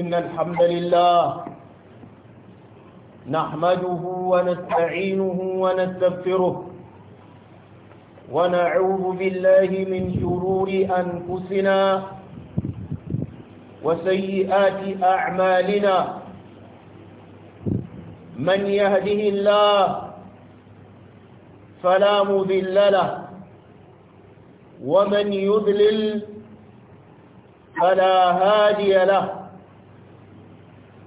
إن الحمد لله نحمده ونستعينه ونستغفره ونعوذ بالله من شرور أنفسنا وسيئات أعمالنا من يهده الله فلا مذل له ومن يذلل فلا هادي له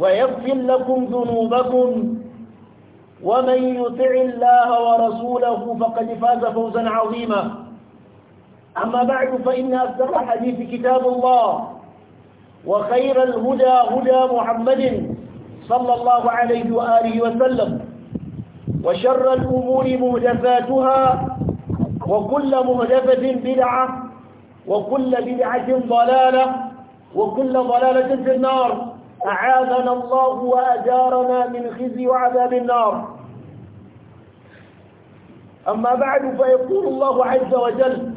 ويغفر لكم ذنوبكم ومن يطع الله ورسوله فقد فاز فوزا عظيما أما بعد فإن أصدق الحديث كتاب الله وخير الهدى هدى محمد صلى الله عليه وآله وسلم وشر الأمور مهدفاتها وكل مهدفة بدعة وكل بدعة ضلالة وكل ضلالة في النار أعاذنا الله وأجارنا من خزي وعذاب النار أما بعد فيقول الله عز وجل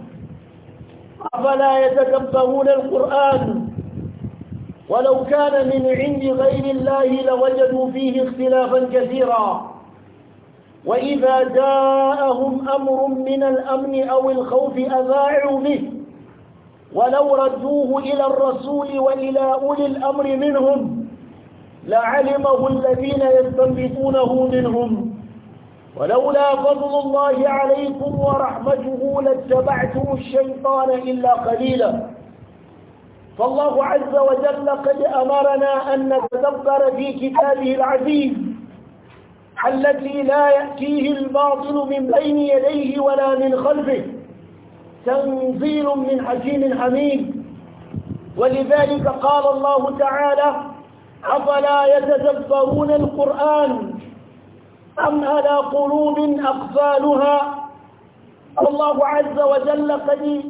أفلا يتكبرون القرآن ولو كان من عند غير الله لوجدوا فيه اختلافا كثيرا وإذا جاءهم أمر من الأمن أو الخوف أذاعوا به ولو ردوه إلى الرسول وإلى أولي الأمر منهم لعلمه الذين يستنبطونه منهم ولولا فضل الله عليكم ورحمته لاتبعتم الشيطان إلا قليلا فالله عز وجل قد أمرنا أن نتدبر في كتابه العزيز التي لا يأتيه الباطل من بين يديه ولا من خلفه تنزيل من حكيم حميد ولذلك قال الله تعالى أفلا يتدبرون القرآن أم على قلوب أقفالها الله عز وجل قد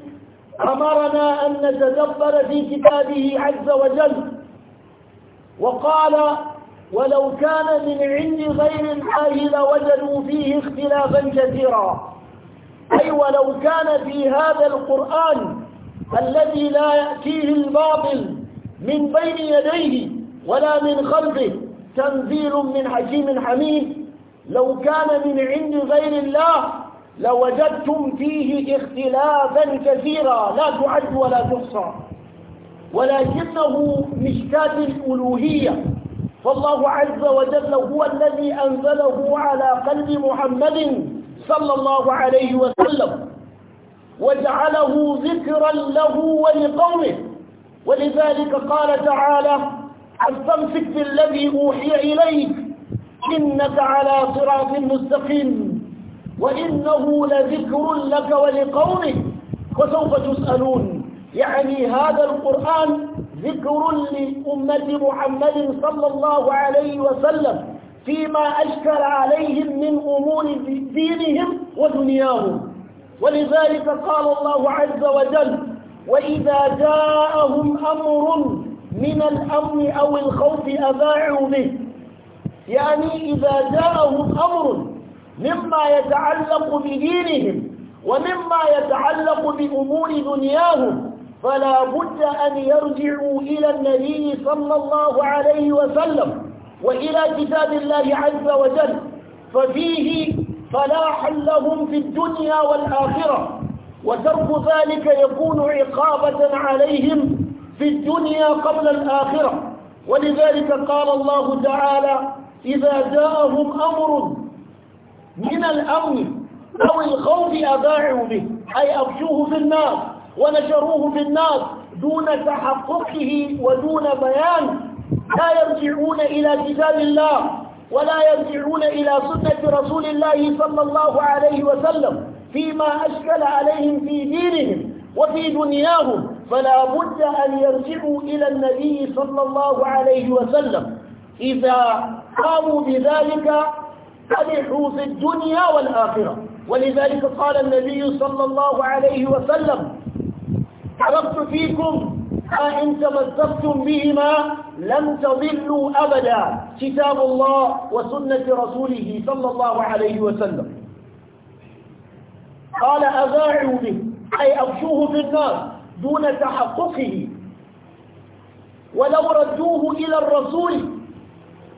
أمرنا أن نتدبر في كتابه عز وجل وقال ولو كان من عند غير الله لوجدوا فيه اختلافا كثيرا أي ولو كان في هذا القرآن الذي لا يأتيه الباطل من بين يديه ولا من خلفه تنزيل من حكيم حميد لو كان من عند غير الله لوجدتم فيه اختلافا كثيرا لا تعد ولا تحصى ولكنه مشكاة الألوهية فالله عز وجل هو الذي أنزله على قلب محمد صلى الله عليه وسلم وجعله ذكرا له ولقومه ولذلك قال تعالى استمسك بالذي أوحي إليك إنك على صراط مستقيم وإنه لذكر لك ولقومك وسوف تسألون يعني هذا القرآن ذكر لأمة محمد صلى الله عليه وسلم فيما أشكل عليهم من أمور دينهم ودنياهم ولذلك قال الله عز وجل وإذا جاءهم أمر من الأمن أو الخوف أذاعوا به يعني إذا جاءهم أمر مما يتعلق بدينهم ومما يتعلق بأمور دنياهم فلا بد أن يرجعوا إلى النبي صلى الله عليه وسلم وإلى كتاب الله عز وجل ففيه فلاحا لهم في الدنيا والآخرة وترك ذلك يكون عقابة عليهم في الدنيا قبل الآخرة ولذلك قال الله تعالى إذا جاءهم أمر من الأمن أو الخوف أباعوا به أي أغشوه في الناس ونشروه في الناس دون تحققه ودون بيان لا يرجعون إلى كتاب الله ولا يرجعون إلى سنة رسول الله صلى الله عليه وسلم فيما أشكل عليهم في دينهم وفي دنياهم فلا بد أن يرجعوا إلى النبي صلى الله عليه وسلم إذا قاموا بذلك فرحوا في الدنيا والآخرة ولذلك قال النبي صلى الله عليه وسلم تركت فيكم فإن تمزقتم بهما لم تضلوا أبدا كتاب الله وسنة رسوله صلى الله عليه وسلم قال أذاعوا به أي أبشوه في النار دون تحققه ولو ردوه إلى الرسول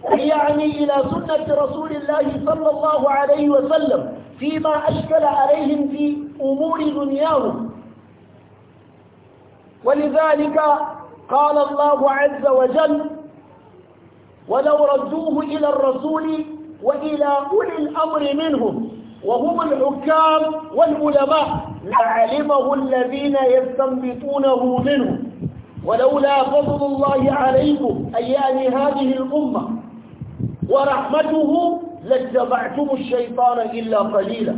يعني إلى سنة رسول الله صلى الله عليه وسلم فيما أشكل عليهم في أمور دنياهم ولذلك قال الله عز وجل ولو ردوه إلى الرسول وإلى أولي الأمر منهم وهم الحكام والعلماء لعلمه الذين يستنبطونه منه ولولا فضل الله عليكم أي يعني هذه الأمة ورحمته لاتبعتم الشيطان إلا قليلا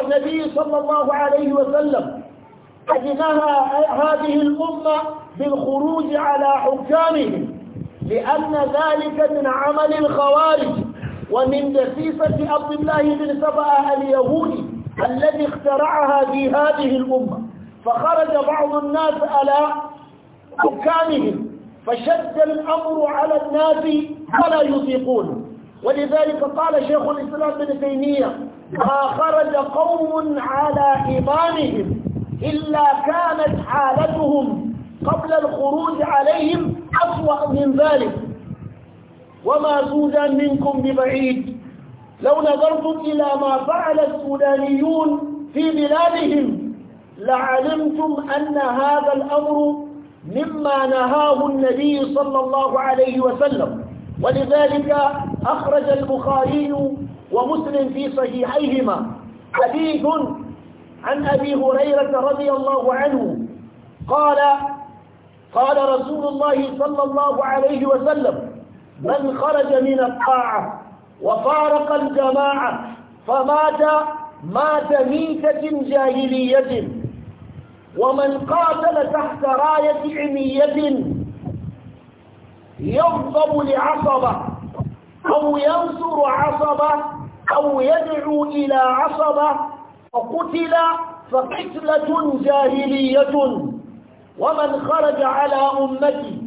النبي صلى الله عليه وسلم فنهى هذه الأمة بالخروج على حكامهم لأن ذلك من عمل الخوارج ومن دسيسة عبد الله بن سبأ اليهودي الذي اخترعها في هذه الأمة فخرج بعض الناس على حكامهم فشد الأمر على الناس فلا يطيقونه ولذلك قال شيخ الإسلام بن تيمية ما خرج قوم على إمامهم إلا كانت حالتهم قبل الخروج عليهم أسوأ من ذلك وما سودان منكم ببعيد لو نظرتم إلى ما فعل السودانيون في بلادهم لعلمتم أن هذا الأمر مما نهاه النبي صلى الله عليه وسلم ولذلك أخرج البخاري ومسلم في صحيحيهما حديث عن أبي هريرة رضي الله عنه قال قال رسول الله صلى الله عليه وسلم من خرج من الطاعة وفارق الجماعة فمات مات ميتة جاهلية ومن قاتل تحت راية عمية يغضب لعصبة أو ينصر عصبة أو يدعو إلى عصبة وقتل فقتلة جاهلية ومن خرج على أمتي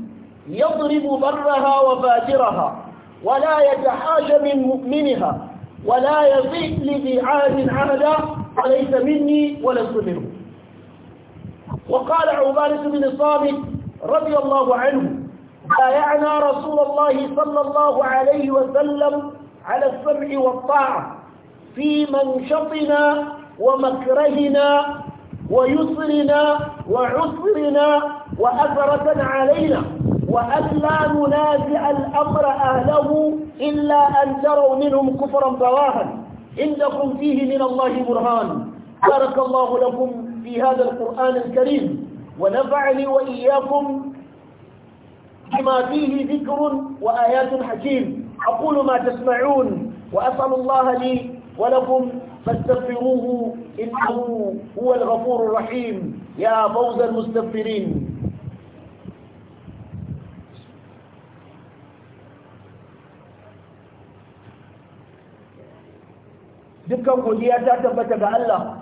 يضرب برها وفاجرها ولا يتحاج من مؤمنها ولا يضيء لذي عهد عهدا وليس مني ولست منه وقال عبادة بن الصامت رضي الله عنه بايعنا رسول الله صلى الله عليه وسلم على السمع والطاعة في منشطنا ومكرهنا ويسرنا وعسرنا وأثرة علينا وأن لا ننازع الأمر أهله إلا أن تروا منهم كفرا بواها عندكم فيه من الله برهان بارك الله لكم في هذا القرآن الكريم ونفعني وإياكم بما فيه ذكر وآيات حكيم أقول ما تسمعون وأسأل الله لي ولكم فاستغفروه إنه هو الغفور الرحيم يا فوز المستغفرين dukkan godiya ta tabbata ga Allah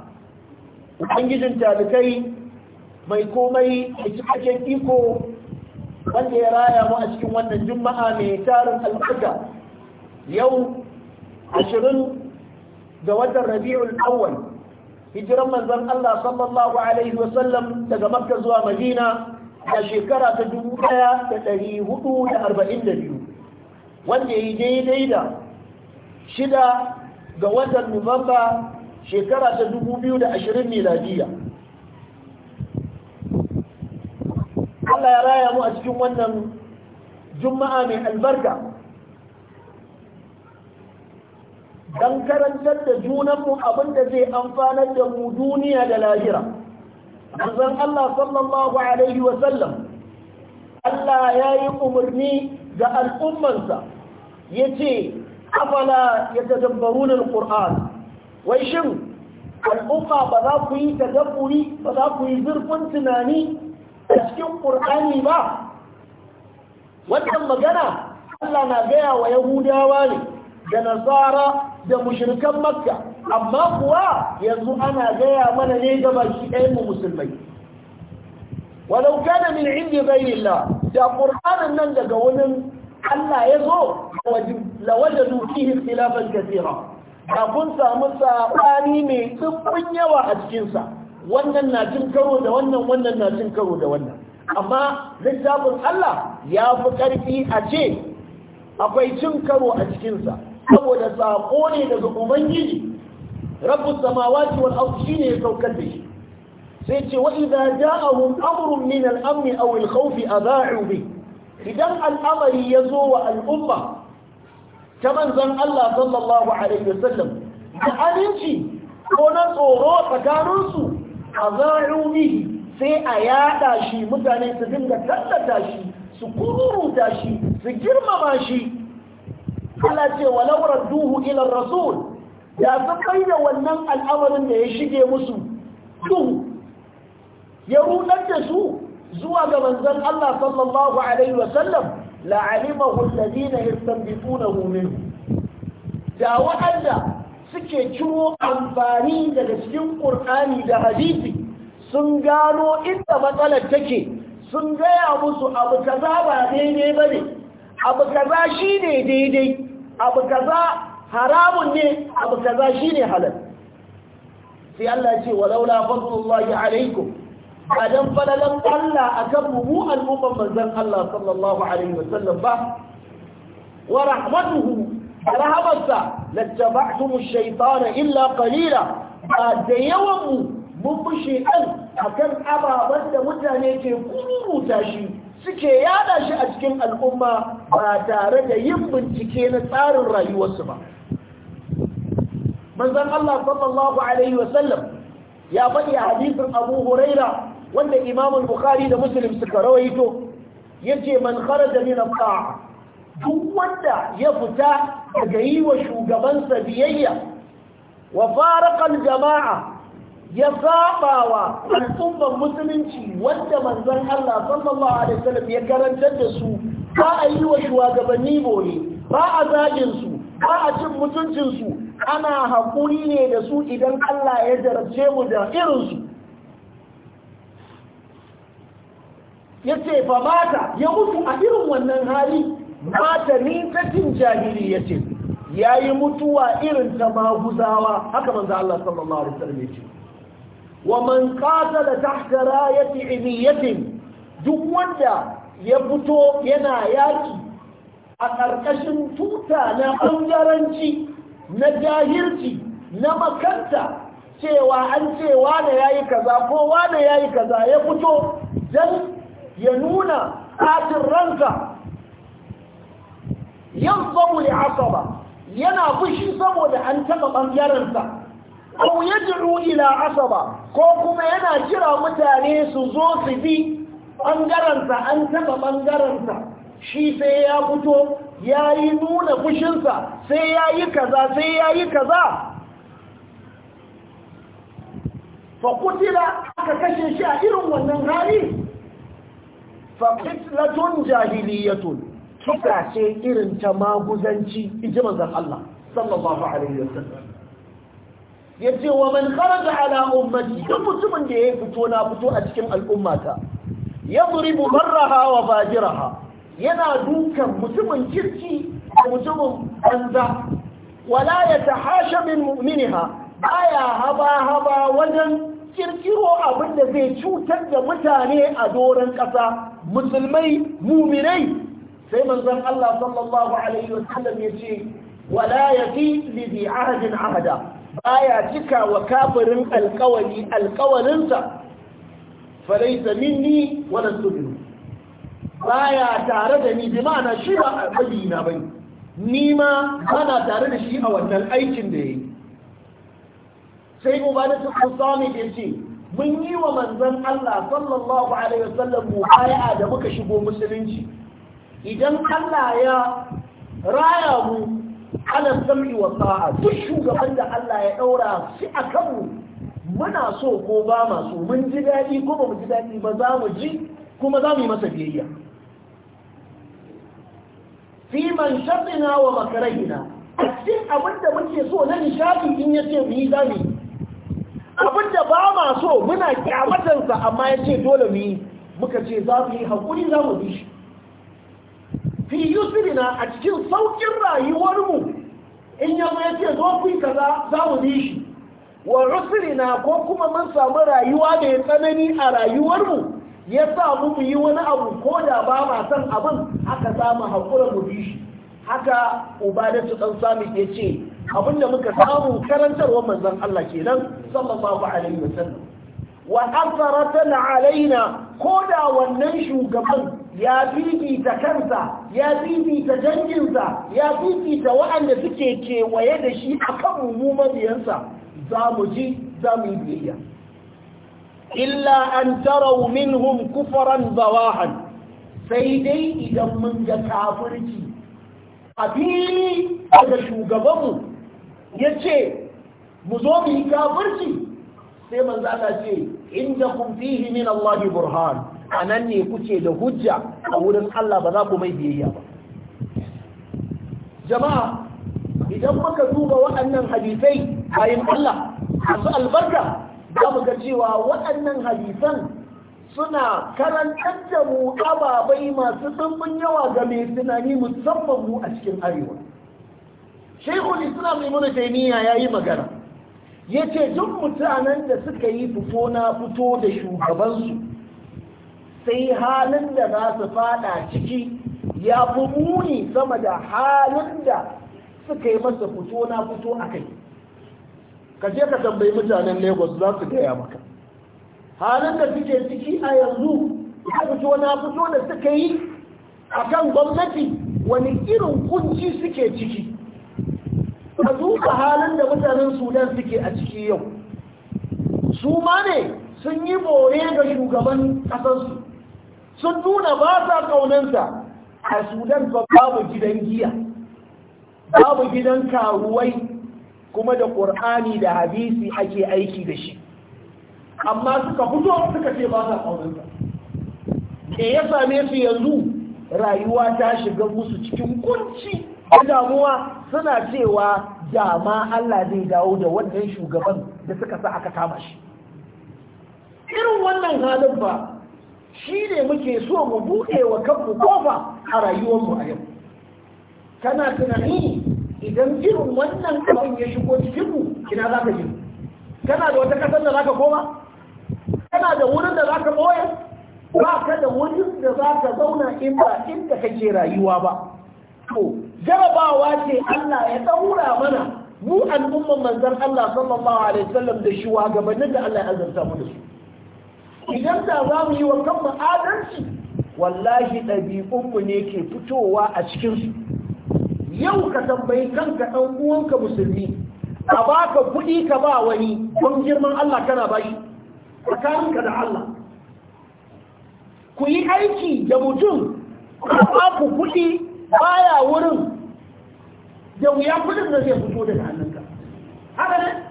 ubangijin talikai mai komai da cikakken iko wanda ya raya mu a cikin wannan juma'a mai tarin albarka yau ashirin ga watan rabi'ul awwal hijiran manzon Allah sallallahu alaihi Sallam daga makka zuwa madina a shekara ta 1442 wanda yi daidai da shida ga watan nuwamba shekara ta 2020 miladiya Allah ya raya mu a cikin wannan juma'a mai albarka don karantar da junanmu abin da zai amfanar da mu duniya da lahira manzon Allah sallallahu alaihi wa sallam Allah ya yi umarni ga al'ummansa ya ce afala ya tadabbarun al wai shin al'umma ba za ku yi tadabburi ba za ku yi zurfin tunani a cikin ƙur'ani ba wannan magana Allah na gaya wa yahudawa ne da nasara da mushrikan makka amma kuwa yanzu ana gaya mana ne ga baki ɗayan mu musulmai walau kana min indi ghairillah da qur'anin nan daga wani Allah ya zo lawajadu fihi ikhtilafan kathira da kun samu sabani mai tsibbin yawa a cikinsa. wannan na cin karo da wannan wannan na cin karo da wannan amma littafin Allah ya fi karfi a ce akwai cin karo a cikinsa saboda sako ne daga ubangiji rabbus samawati wal ardi shine ya saukar da shi sai ce wa idza ja'ahum amrun min al-amn aw al-khawf adha'u bi idan al'amari ya zo wa al'umma ta manzon Allah sallallahu alaihi wasallam da aminci ko na tsoro tsakaninsu adha'u bihi sai a yada shi mutane su dinga tallata shi su kururuta shi su girmama shi Allah ce walau radduhu ila rasul ya san da wannan al'amarin da ya shige musu duhu ya rudar da su zuwa ga manzon Allah sallallahu alaihi wa sallam la'alimahu alladhina yastanbitunahu minhu da wa'anda suke ciro amfani daga cikin Qur'ani da hadisi sun gano inda matsalar take sun gaya musu abu kaza ba daidai bane abu kaza shi ne daidai abu kaza haramun ne abu kaza shine halal sai Allah ce walaula fadlullahi alaikum adan falalan Allah akan mu mu al'umman manzon Allah sallallahu alaihi wasallam ba wa rahmatuhu rahamatsa lattaba'tum ash-shaytana illa qalila da yawan mu mun bi akan ababan da mutane ke kururuta shi suke yada shi a cikin al'umma ba tare da yin bincike na tsarin rayuwarsu ba manzon Allah sallallahu alaihi wasallam ya faɗi a hadisin Abu Huraira wanda Imam Bukhari da musulun suka rawaito yace man da min at duk wanda ya fita daga yi wa shugabansa biyayya wa faraqal jama'a ya zabawa al'ummar musulunci wanda manzon Allah sallallahu alaihi wasallam ya karantar da su ba a yi wa shugabanni boye ba a zagin su ba a cin mutuncin su ana haƙuri ne da su idan Allah ya jarabce mu da irin su yace fa mata ya mutu a irin wannan hali mata ni ta cin jahili yace yayi mutuwa irin ta maguzawa haka manzo Allah sallallahu alaihi wasallam yace wa man qatala tahta rayati imiyatin duk wanda ya fito yana yaki a ƙarƙashin tuta na ɓangaranci na jahirci na makanta cewa an ce wane ya yi kaza ko wane ya yi kaza ya fito don ya nuna ƙatin ranka yan samu da asaba yana fushi saboda an taɓa ɓangarensa aw yad'u ila asaba ko kuma yana jira mutane su zo su bi bangaransa an taɓa bangaransa shi sai ya fito ya nuna fushinsa sai ya yi kaza sai ya yi kaza fakutila aka kashe shi a irin wannan hali fakutlatun jahiliyatun tuka ce irin ta maguzanci iji manzan Allah sallallahu alaihi wasallam ya ce wa man kharaja ala ummati duk mutumin da ya fito na fito a cikin al'ummata ya duribu barraha wa fajiraha yana dukan mutumin kirki da mutumin banza wala ya min mu'miniha baya haba haba wajen kirkiro abin da zai cutar da mutane a doron ƙasa musulmai muminai sai manzon Allah sallallahu alaihi wasallam ya yace wala yati li ahadin ahada baya cika wa kafirin alkawari alkawarinsa falaita minni wala tudu baya tare da ni bi na shi ba na bane ni ma bana tare da shi a wannan aikin da yayi sai ubadatu kusami ya ce mun yi wa manzon Allah sallallahu alaihi wasallam mubaya'a da muka shigo musulunci idan Allah ya raya mu ala sami wa sa'a duk shugaban da Allah ya daura shi a kanmu muna so ko ba ma so mun ji daɗi ko ba mu ji daɗi ba za mu ji kuma za mu yi masa biyayya fi man sharrina wa makarahina a cikin abin da muke so na nishadi in ya ce mu yi abin da ba ma so muna kyamatarsa amma ya ce dole mu yi muka ce za mu yi haƙuri za mu bi shi fi yusrina a cikin saukin rayuwarmu in ya ya ce zo ku kaza za mu bi shi wa rusrina ko kuma mun samu rayuwa da ya tsanani a rayuwarmu ya sa mu yi wani abu ko da ba ma san abin haka za mu mu bi shi haka ubadatu dan sami ya ce abinda muka samu karantarwa manzon Allah kenan sallallahu alaihi wasallam wa asaratana alaina ko da wannan shugaban ya fifita kansa ya fifita danginsa ya fifita waɗanda suke kewaye da shi a kan mummunan za mu ji za mu yi biyayya illa an tarau minhum kufaran bawahan sai dai idan mun ga kafirci a fili daga shugabanmu ya ce mu zo mu yi kafirci sai manzana ce inda kun fihi min Allah burhan a nan ne kuke da hujja a wurin Allah ba za ku mai biyayya ba jama'a idan muka duba waɗannan hadisai bayan Allah masu albarka za mu ga cewa waɗannan hadisan suna karantar da mu ababai masu ɗumbin yawa ga mai tunani musamman mu a cikin arewa shaikhul islam taimiyya ya yayi magana yace duk mutanen da suka yi fito na fito da shugabansu sai halin da za su fada ciki ya fi muni sama da halin da suka yi masa fito na fito a kai ka je ka tambayi mutanen lagos za su gaya maka halin da suke ciki a yanzu ya fito na fito da suka yi a kan gwamnati wani irin kunci suke ciki ka duka halin da mutanen sudan suke a ciki yau su ma ne sun yi bore ga shugaban ƙasarsu sun nuna ba sa kaunansa a sudan ba babu gidan giya babu gidan karuwai kuma da ƙur'ani da hadisi ake aiki da shi amma suka fito suka ce ba sa kaunansa me ya same su yanzu rayuwa ta shiga musu cikin kunci da damuwa suna cewa dama Allah zai dawo da wannan shugaban da suka sa aka kama shi irin wannan halin ba shi ne muke so mu buɗe wa kanmu kofa a rayuwarmu a yau kana tunani idan irin wannan abin ya shigo cikinmu ina za ka je kana da wata kasar da za ka koma kana da wurin da za ka ɓoye ba ka da wurin da za ka zauna in ba inda kake rayuwa ba to jarabawa ce Allah ya ɗaura mana mu al'umman manzon Allah sallallahu alaihi wasallam da shi wa gabanin da Allah ya azanta mu da su idan da za mu yi wa kanmu adalci wallahi ɗabi'unmu ne ke fitowa a cikinsu yau ka tambayi kanka ɗan uwanka musulmi a baka kuɗi ka ba wani don girman Allah kana bashi tsakaninka da Allah ku yi aiki da mutum a ba ku kuɗi baya wurin da wuya kuɗin da zai fito daga hannunka haka ne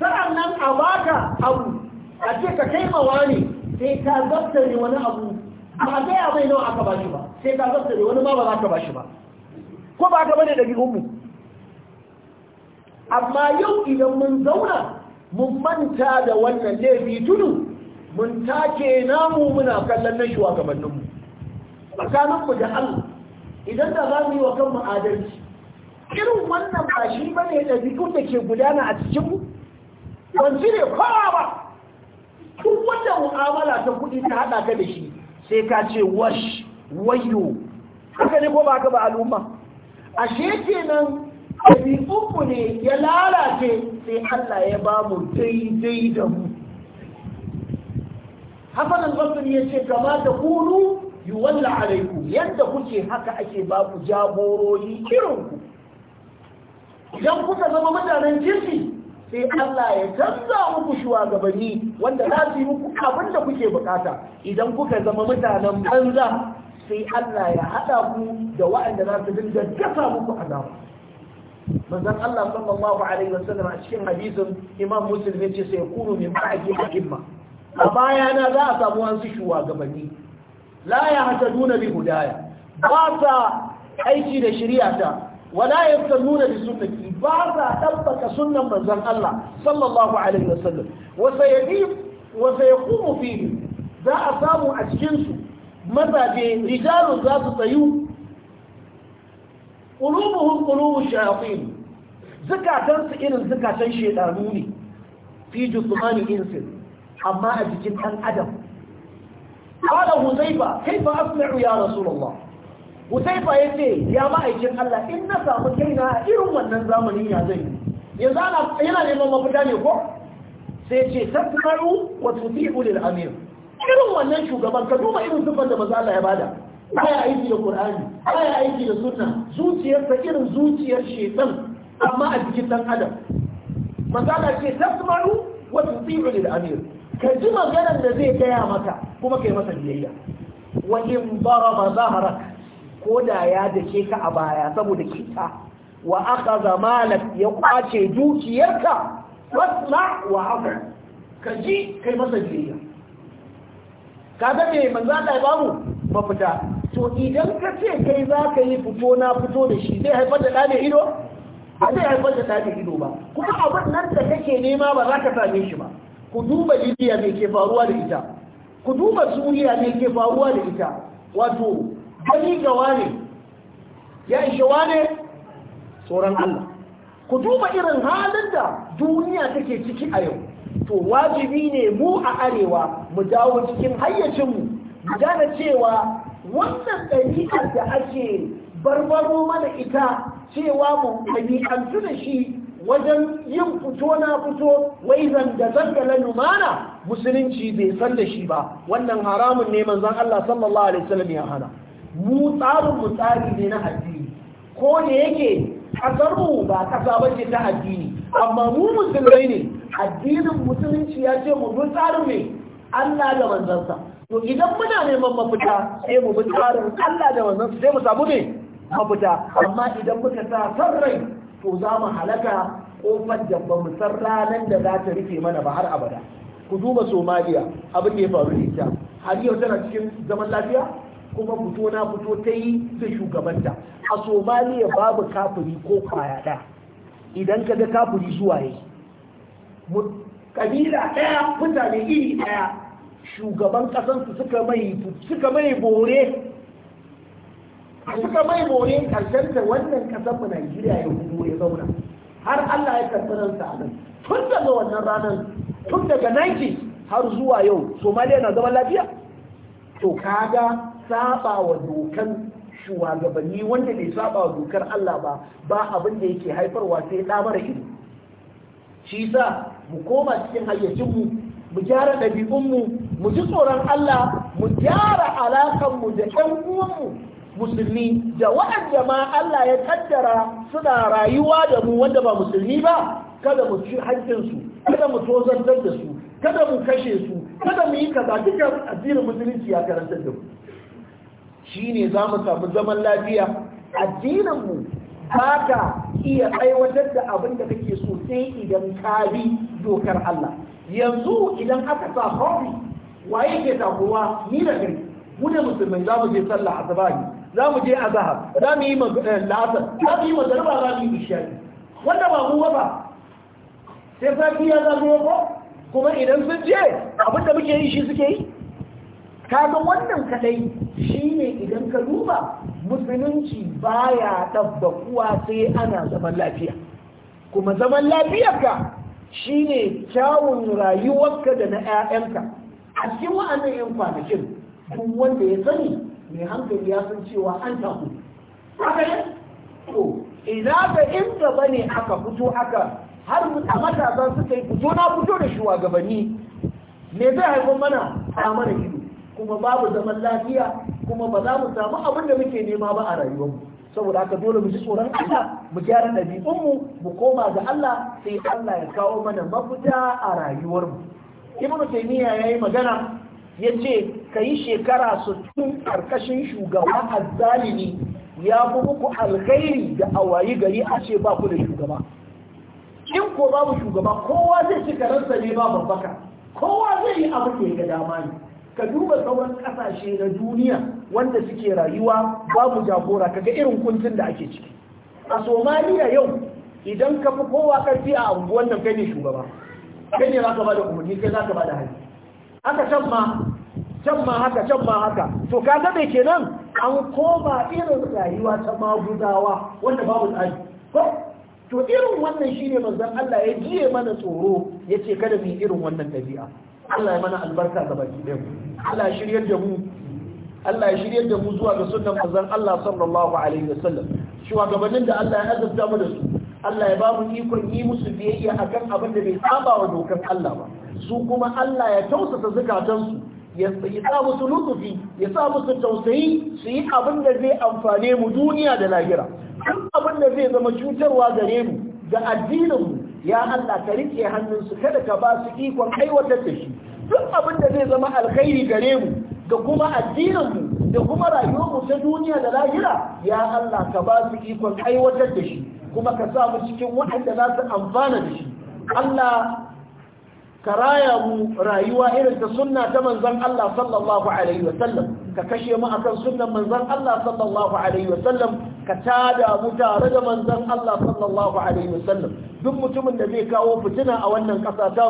sa'an nan a baka abu a ce ka taimawa ne sai ka zaftare wani abu ba gaya mai nawa aka ba shi ba sai ka zaftare wani ma ba za ka ba shi ba ko ba ka bane ɗabi'unmu amma yau idan mun zauna mun manta da wannan laifi tudu mun take namu muna kallon na shugabanninmu tsakaninmu da Allah idan da za mu yi wa kanmu adalci irin wannan ba shi bane ɗabi'un da ke gudana a cikinmu ban cire kowa ba Tun wanda mu'amala ta kuɗi ta haɗa ka da shi sai ka ce wash wayo haka ne ko ba ka ba al'umma ashe kenan uku ne ya lalace sai Allah ya ba mu daidai da mu hafanan basiri ya ce kama da kunu yi walla alaiku yadda kuke haka ake babu ku jagorori irinku idan kuka zama mutanen kirki sai Allah ya canza muku shugabanni wanda za su yi muku abin da kuke bukata idan kuka zama mutanen banza sai Allah ya haɗa ku da wa'anda za su dinga dafa muku azaba manzon Allah sallallahu alaihi wasallam a cikin hadisin Imam Muslim yace sai kunu min ba'di himma a baya na za a samu wasu shugabanni la ya hataduna bi hudaya ba sa aiki da shari'a ta wala yaftanuna bi sunnati ba sa tabbata sunnan manzon Allah sallallahu alaihi wasallam wa sayaqim wa sayaqumu fihi za a samu a cikin su mazaje rijalun za su tsayu qulubuhum qulubu shayatin zakatan su irin zakatan shedanu ne fi jusmani insin amma a jikin dan adam قال هزيفة كيف أصنع يا رسول الله Husaifa ya ce ya ma'aikin Allah in na samu kaina a irin wannan zamanin ya zai yanzu ana yana neman mafita ne ko sai ce tasmaru wa tuti'u lil amir irin wannan shugaban ka duba irin sifar da manzo Allah ya bada baya aiki da Qur'ani baya aiki da sunna ta irin zuciyar shedan amma a cikin dan adam manzo ce tasmaru wa tuti'u lil amir ka ji maganar da zai gaya maka kuma kai masa biyayya wa in daraba zahrak ko da ya dake ka a baya saboda kita wa akhadha malak ya kwace dukiyarka wasu wa haka ka ji kai masa jiya ka ga me manzo Allah ya bamu mafita to idan ka ce kai za ka yi fito na fito da shi zai haifar da ɗane ido ba zai haifar da ɗane ido ba kuma abin nan da kake nema ba za ka same shi ba ku duba libya mai ke faruwa da ita ku duba suriya mai ke faruwa da ita wato gani ga ne, ya ishe ne tsoron Allah ku duba irin halin da duniya take ciki a yau to wajibi ne mu a arewa mu dawo cikin hayyacinmu mu gane cewa wannan ɗabi'ar da ake barbaro mana ita cewa mu ɗabi'antu da shi wajen yin fito na fito wai zanga-zanga na lumana musulunci bai san da shi ba wannan haramun ne manzon Allah sallallahu alaihi wasallam ya hana mu tsarin mu tsari ne na addini ko da yake kasar mu ba kasa ba ke ta addini amma mu musulmai ne addinin musulunci ya ce mu bi tsarin mai Allah da manzansa to idan muna neman mafita sai mu bi tsarin Allah da manzansa sai mu samu mai mafita amma idan muka sa san rai to za mu halaka kofar da ba mu san ranar da za ta rufe mana ba har abada ku duba somaliya abin da ya faru da ita har yau tana cikin zaman lafiya kuma fito na fito ta yi da shugabanta a somaliya babu kafiri ko kwaya ɗaya idan ka ga kafiri zuwa yi kabila ɗaya mutane iri ɗaya shugaban ƙasansu suka mai suka mai bore suka mai bore ta wannan ƙasar mu Najeriya ya hudu ya zauna har Allah ya karɓi ransa a nan tun daga wannan ranar tun daga 90 har zuwa yau Somaliya na zama lafiya to kaga saba wa dokan shugabanni wanda bai saba wa dokar Allah ba ba abin da yake haifarwa sai da mara ido shi sa mu koma cikin hayyacinmu mu gyara ɗabi'unmu mu ji tsoron Allah mu gyara alaƙanmu da ƴan uwanmu musulmi da waɗanda ma Allah ya kaddara suna rayuwa da mu wanda ba musulmi ba kada mu ci haƙƙinsu kada mu tozantar da su kada mu kashe su kada mu yi kaza dukkan addinin musulunci ya karantar da mu ne za mu samu zaman lafiya addinin mu ba ka iya aiwatar da abin da kake so sai idan ka bi dokar Allah yanzu idan aka sa hobby waye ke takuwa ni da gari mu da musulmai za mu je sallah asuba ne za mu je azhar za mu yi eh, la'asar za mu yi magariba za mu yi ishari wanda ba mu ba sai safiya za mu ko kuma idan sun je abin da muke yi shi suke yi kaga wannan kadai shine idan ka duba musulunci baya tabbakuwa sai ana zaman lafiya kuma zaman lafiyarka shine kyawun rayuwarka da na 'ya'yanka a cikin wa'annan 'yan kwanakin duk wanda ya sani mai hankali ya san cewa an taku ina ga inda bane aka fito aka har a matasa suka yi fito na fito da shugabanni me zai haifar mana a mana ido kuma babu zaman lafiya kuma ba za mu samu abin da muke nema ba a mu saboda haka dole mu ji tsoron Allah mu gyara ɗabi'unmu mu koma ga Allah sai Allah ya kawo mana mafita a rayuwarmu ibnu ya yayi magana yace kayi shekara tun karkashin shugaba azzalimi ya fi muku alkhairi da awayi gari a ce ba ku da shugaba in ko babu shugaba kowa zai ci karansa ne ba babbaka kowa zai yi abin ya ga dama ne ka duba sauran kasashe na duniya wanda suke rayuwa babu jagora kaga irin kuntin da ake ciki a somaliya yau idan ka fi kowa karfi a unguwan nan kai ne shugaba kai ne za ka bada umarni kai za ka bada hali haka can ma can ma haka can ma haka to ka ga kenan an koma irin rayuwa ta magudawa wanda babu tsari ko to irin wannan shine manzon Allah ya jiye mana tsoro yace kada mu irin wannan dabi'a Allah ya mana albarka ga baki dai ala shiryar da mu Allah ya shiryar da mu zuwa ga sunnan manzon Allah sallallahu alaihi wasallam shugabannin da Allah ya azabta mu da su Allah ya ba mu ikon yi musu biyayya akan abin da bai saba wa dokar Allah ba su kuma Allah ya tausasa zakatansu ya sa musu lutufi ya sa musu tausayi su yi abin da zai amfane mu duniya da lahira duk abin da zai zama cutarwa gare mu ga addinin mu ya Allah ka rike hannunsu kada ka ba su ikon aiwatar da shi duk abin da zai zama alkhairi gare mu da kuma addininmu da kuma rayuwarmu ta duniya da lahira ya Allah ka ba su ikon aiwatar da shi kuma ka sa mu cikin waɗanda za su amfana da shi Allah ka raya mu rayuwa irin ta sunna ta manzon Allah sallallahu alaihi wa sallam ka kashe mu akan sunnan manzon Allah sallallahu alaihi wa sallam ka tada mu tare da manzon Allah sallallahu alaihi wa sallam duk mutumin da zai kawo fitina a wannan ƙasa ta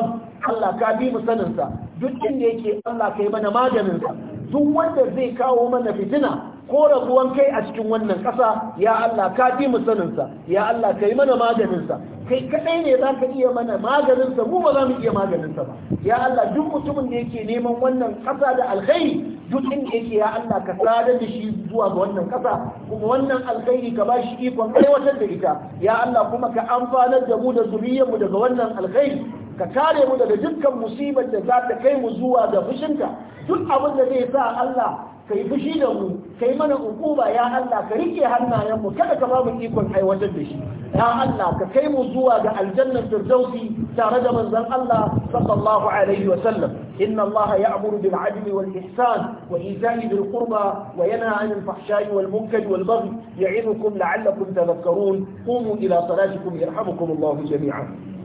Allah ka bi mu sanin sa duk inda yake Allah kai mana maganin sa duk wanda zai kawo mana fitina ko rabuwan kai a cikin wannan ƙasa ya Allah ka fi mu sanin sa ya Allah kai mana maganin sa kai kadai ne za ka iya mana maganin sa mu ba za mu iya maganin sa ba ya Allah duk mutumin da yake neman wannan ƙasa da alkhairi duk inda yake ya Allah ka sadar da shi zuwa ga wannan ƙasa kuma wannan alkhairi ka bashi ikon aiwatar da ita ya Allah kuma ka amfanar da mu da zuriyarmu daga wannan alkhairi ka kare mu daga dukkan musibar da za ta kai mu zuwa ga fushinka duk abin da zai sa Allah ka yi fushi da mu kai mana hukuma ya Allah ka rike hannayen mu kada ka ba mu ikon aiwatar da shi ya Allah ka kai mu zuwa ga aljannar firdausi tare da manzon Allah sallallahu alaihi wa sallam inna Allah ya'muru bil adli wal ihsan wa ita'i bil qurba wa yanha 'anil fahsha'i wal munkari wal baghi ya'idukum la'allakum tadhakkarun qumu ila salatikum yarhamukum Allah jami'an